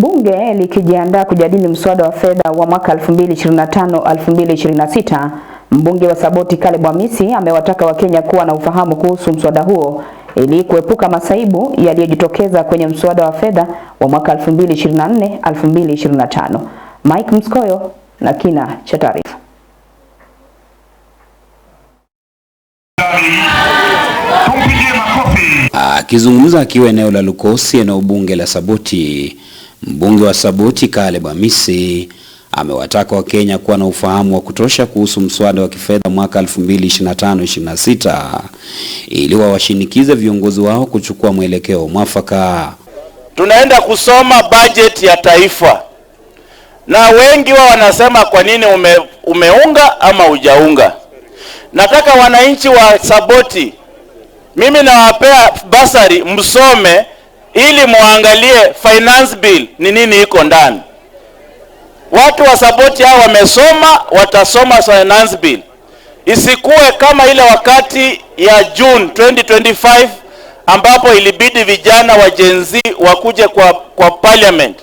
Bunge likijiandaa kujadili mswada wa fedha wa mwaka 2025-2026, mbunge wa Saboti Caleb Hamisi amewataka Wakenya kuwa na ufahamu kuhusu mswada huo ili kuepuka masaibu yaliyojitokeza kwenye mswada wa fedha wa mwaka 2024-2025. Mike Mskoyo na kina cha taarifa. Akizungumza akiwa eneo la Lukosi, eneo bunge la Saboti Mbunge wa Sabuti Caleb bamisi amewataka Wakenya kuwa na ufahamu wa kutosha kuhusu mswada wa kifedha mwaka 2025 2026 ili wawashinikize viongozi wao kuchukua mwelekeo mwafaka. Tunaenda kusoma bajeti ya taifa, na wengi wao wanasema kwa nini ume, umeunga ama hujaunga. Nataka wananchi wa Saboti, mimi nawapea basari, msome ili muangalie finance bill ni nini iko ndani. Watu wa sapoti hao wamesoma, watasoma finance bill, isikuwe kama ile wakati ya June 2025 ambapo ilibidi vijana wa Gen Z wakuje kwa, kwa parliament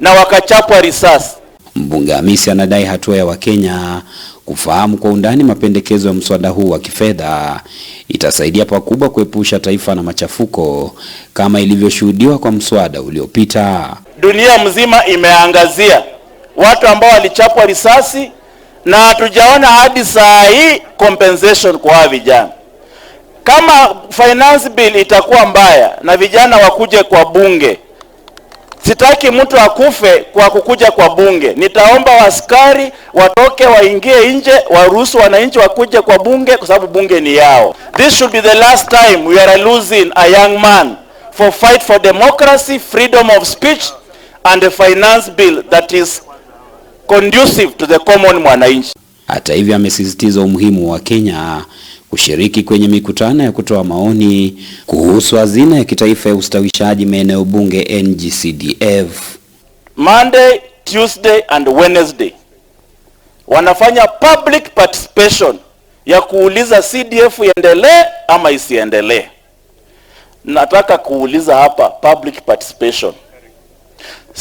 na wakachapwa risasi. Mbunge Hamisi anadai hatua ya Wakenya kufahamu kwa undani mapendekezo ya mswada huu wa kifedha itasaidia pakubwa kuepusha taifa na machafuko kama ilivyoshuhudiwa kwa mswada uliopita. Dunia mzima imeangazia watu ambao walichapwa risasi na hatujaona hadi saa hii compensation kwa vijana. Kama finance bill itakuwa mbaya na vijana wakuje kwa bunge Sitaki mtu akufe kwa kukuja kwa bunge. Nitaomba waskari watoke waingie nje, waruhusu wananchi wakuje kwa bunge, kwa sababu bunge ni yao. This should be the last time we are losing a young man for fight for democracy, freedom of speech and a finance bill that is conducive to the common mwananchi. Hata hivyo, amesisitiza umuhimu wa Kenya kushiriki kwenye mikutano ya kutoa maoni kuhusu hazina ya kitaifa ya ustawishaji maeneo bunge NGCDF. Monday, Tuesday and Wednesday wanafanya public participation ya kuuliza CDF iendelee ama isiendelee. Nataka kuuliza hapa public participation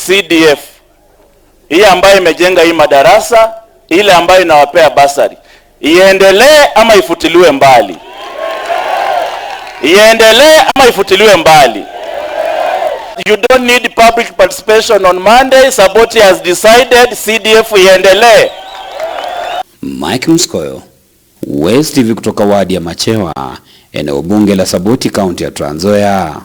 CDF hii ambayo imejenga hii madarasa ile ambayo inawapea basari iendelee ama ifutiliwe mbali? Iendelee ama ifutiliwe mbali? You don't need public participation on Monday. support has decided CDF iendelee. Mike Mskoyo, West TV kutoka wadi ya Machewa, eneo bunge la Saboti, kaunti ya tranzoya